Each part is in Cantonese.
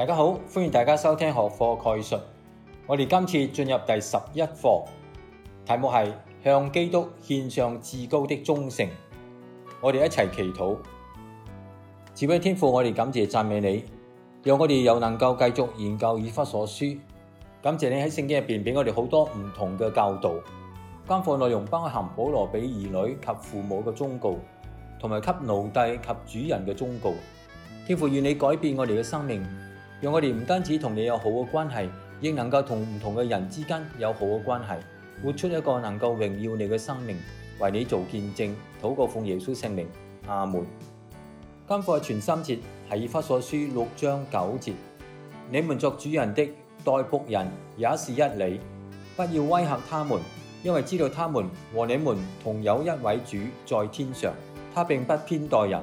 大家好，歡迎大家收聽學課概述。我哋今次進入第十一課，題目係向基督獻上至高的忠誠。我哋一齊祈禱，賜予天父，我哋感謝讚美你，讓我哋又能夠繼續研究《以弗所書》。感謝你喺聖經入邊俾我哋好多唔同嘅教導。間課內容包含保羅俾兒女及父母嘅忠告，同埋給奴隸及主人嘅忠告。天父願你改變我哋嘅生命。讓我哋唔單止同你有好嘅關係，亦能夠和不同唔同嘅人之間有好嘅關係，活出一個能夠榮耀你嘅生命，為你做見證，禱告奉耶穌聖名，阿門。今課存心節，係以弗所書六章九節。你們作主人的，待僕人也是一理，不要威嚇他們，因為知道他們和你們同有一位主在天上，他並不偏待人。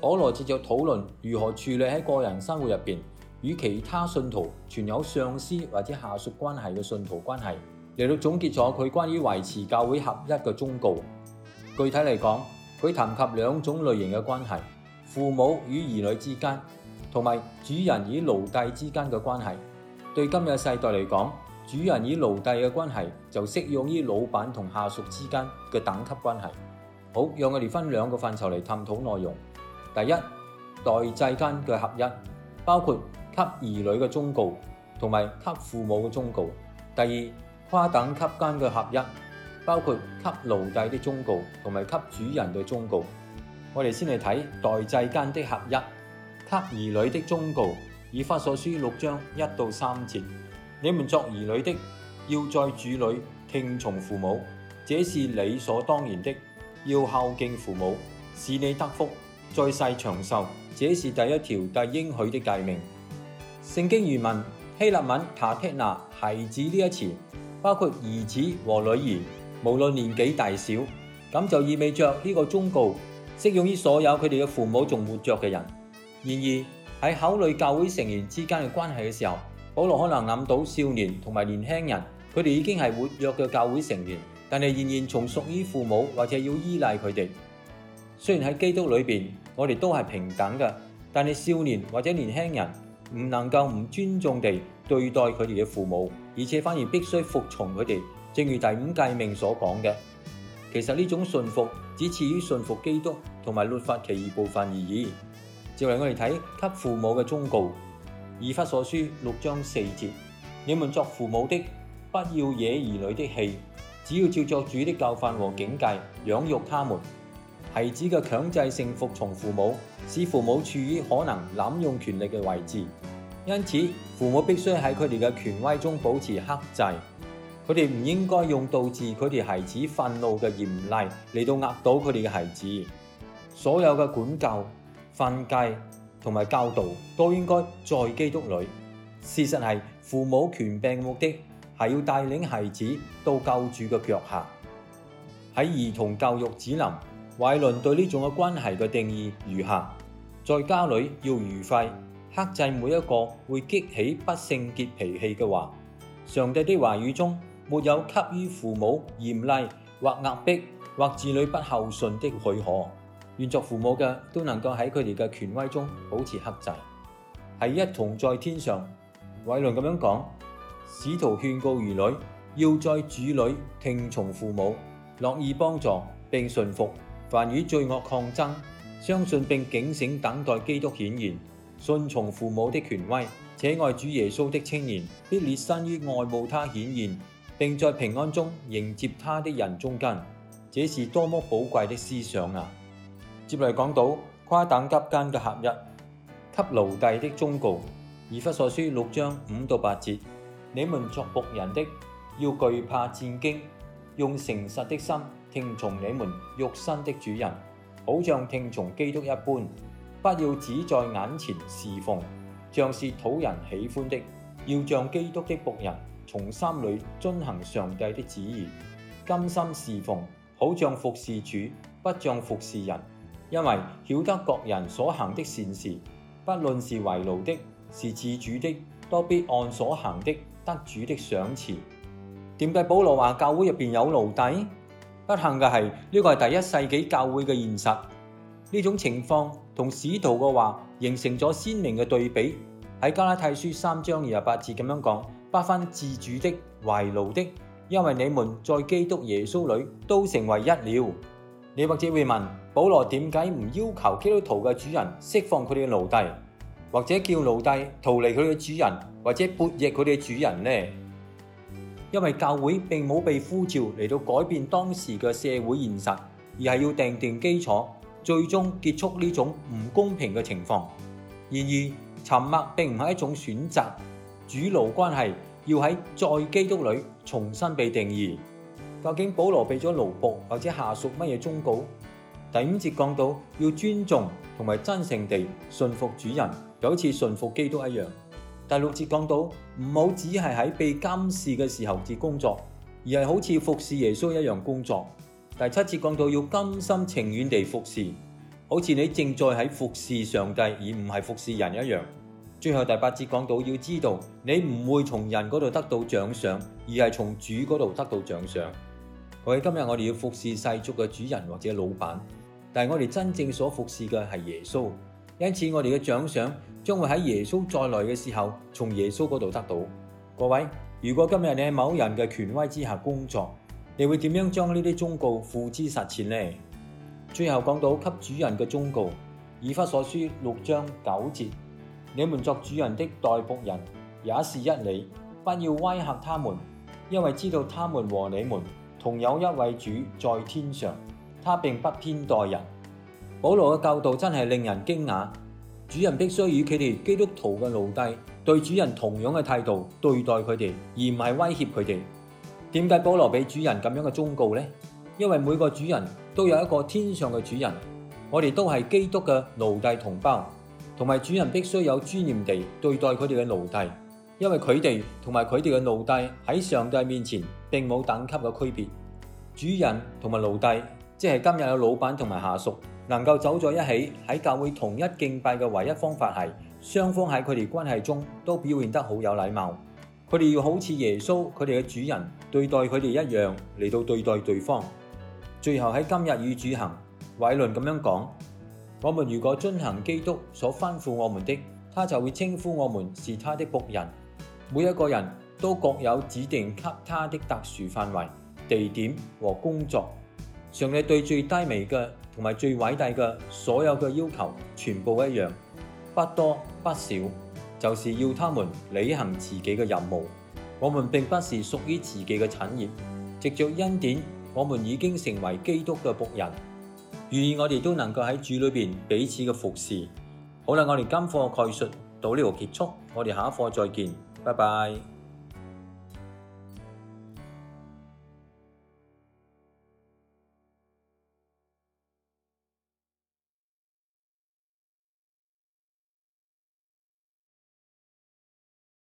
保羅接着討論如何處理喺個人生活入邊，與其他信徒存有上司或者下屬關係嘅信徒關係，嚟到總結咗佢關於維持教會合一嘅忠告。具體嚟講，佢談及兩種類型嘅關係：父母與兒女之間，同埋主人與奴隸之間嘅關係。對今日世代嚟講，主人與奴隸嘅關係就適用於老闆同下屬之間嘅等級關係。好，讓我哋分兩個範疇嚟探討內容。第一，代際間嘅合一，包括。.給兒女嘅忠告，同埋給父母嘅忠告。第二，跨等級間嘅合一，包括給奴隸的忠告同埋給主人嘅忠告。我哋先嚟睇代際間的合一，給兒女的忠告，以法所書六章一到三節：你們作兒女的，要在主裏聽從父母，這是理所當然的。要孝敬父母，使你得福，在世長壽，這是第一條帶應許的誡命。聖經原文希臘文“卡貼拿孩子”呢一詞，包括兒子和女兒，無論年紀大小，咁就意味着呢個忠告適用於所有佢哋嘅父母仲活着嘅人。然而喺考慮教會成員之間嘅關係嘅時候，保羅可能諗到少年同埋年輕人，佢哋已經係活躍嘅教會成員，但係仍然從屬於父母或者要依賴佢哋。雖然喺基督裏邊，我哋都係平等嘅，但係少年或者年輕人。唔能夠唔尊重地對待佢哋嘅父母，而且反而必須服從佢哋。正如第五誡命所講嘅，其實呢種順服只次於順服基督同埋律法其餘部分而已。接嚟我哋睇給父母嘅忠告，以弗所書六章四節：你們作父母的，不要惹兒女的氣，只要照着主的教訓和警戒養育他們。係指嘅強制性服從父母。使父母處於可能濫用權力嘅位置，因此父母必須喺佢哋嘅權威中保持克制。佢哋唔應該用導致佢哋孩子憤怒嘅嚴厲嚟到壓倒佢哋嘅孩子。所有嘅管教、訓誡同埋教導都應該在基督裏。事實是父母權柄的目的是要帶領孩子到救主嘅腳下。喺兒童教育指南，偉倫對呢種的關係嘅定義如下：在家裏要愉快，克制每一個會激起不聖潔脾氣嘅話。上帝的話語中沒有給予父母嚴厲或壓迫或子女不孝順的許可。願作父母嘅都能夠喺佢哋嘅權威中保持克制，係一同在天上。偉倫這樣講，使徒勸告兒女要在主裏聽從父母，樂意幫助並順服。凡與罪惡抗爭、相信並警醒等待基督顯現、順從父母的權威且愛主耶穌的青年，必列身於愛慕他顯現並在平安中迎接他的人中間。這是多麼寶貴的思想啊！接嚟講到跨等級間嘅合一，給奴隸的忠告，以弗所書六章五到八節：你們作僕人的，要懼怕戰兢，用誠實的心。聽從你們肉身的主人，好像聽從基督一般。不要只在眼前侍奉，像是討人喜歡的，要像基督的僕人，從心裏遵行上帝的旨意，甘心侍奉，好像服侍主，不像服侍人。因為曉得各人所行的善事，不論是為奴的，是自主的，都必按所行的得主的賞賜。點解保羅話教會入邊有奴隸？不幸嘅係呢個係第一世紀教會嘅現實，呢種情況同使徒嘅話形成咗鮮明嘅對比。喺加拉太書三章二十八節咁樣講：不分自主的、為奴的，因為你們在基督耶穌裏都成為一了。你或者會問：保羅點解唔要求基督徒嘅主人釋放佢哋嘅奴隸，或者叫奴隸逃離佢哋嘅主人，或者撥役佢哋嘅主人呢？因為教會並冇被呼召嚟到改變當時嘅社會現實，而係要奠定基礎，最終結束呢種唔公平嘅情況。然而，沉默並唔係一種選擇。主奴關係要喺在在基督裏重新被定義。究竟保羅俾咗奴僕或者下屬乜嘢忠告？第五節講到要尊重同埋真誠地信服主人，就好似信服基督一樣。第六節講到唔好只係喺被監視嘅時候至工作，而係好似服侍耶穌一樣工作。第七節講到要甘心情願地服侍，好似你正在喺服侍上帝而唔係服侍人一樣。最後第八節講到要知道你唔會從人嗰度得到獎賞，而係從主嗰度得到獎賞。各位，我哋今日我哋要服侍世俗嘅主人或者老闆，但係我哋真正所服侍嘅係耶穌。因此，我哋嘅獎賞將會喺耶穌再來嘅時候，從耶穌嗰度得到。各位，如果今日你喺某人嘅權威之下工作，你會點樣將呢啲忠告付之實踐呢？最後講到給主人嘅忠告，以弗所書六章九節：你們作主人的待僕人也是一理，不要威嚇他們，因為知道他們和你們同有一位主在天上，他並不偏待人。保羅嘅教導真係令人驚訝。主人必須以佢哋基督徒嘅奴隸對主人同樣嘅態度對待佢哋，而唔係威脅佢哋。點解保羅俾主人咁樣嘅忠告呢？因為每個主人都有一個天上嘅主人，我哋都係基督嘅奴隸同胞，同埋主人必須有尊嚴地對待佢哋嘅奴隸，因為佢哋同埋佢哋嘅奴隸喺上帝面前並冇等級嘅區別。主人同埋奴隸，即係今日有老闆同埋下屬。能夠走在一起喺教會同一敬拜嘅唯一方法係雙方喺佢哋關係中都表現得好有禮貌，佢哋要好似耶穌佢哋嘅主人對待佢哋一樣嚟到對待對方。最後喺今日與主行，委倫咁樣講：我們如果遵行基督所吩咐我們的，他就會稱呼我們是他的僕人。每一個人都各有指定給他的特殊範圍、地點和工作。上帝對最低微嘅同埋最偉大嘅所有嘅要求，全部一樣，不多不少，就是要他們履行自己嘅任務。我們並不是屬於自己嘅產業，藉着恩典，我們已經成為基督嘅僕人。願意我哋都能夠喺主裏面彼此嘅服侍。好啦，我哋今課概述到呢度結束，我哋下一課再見，拜拜。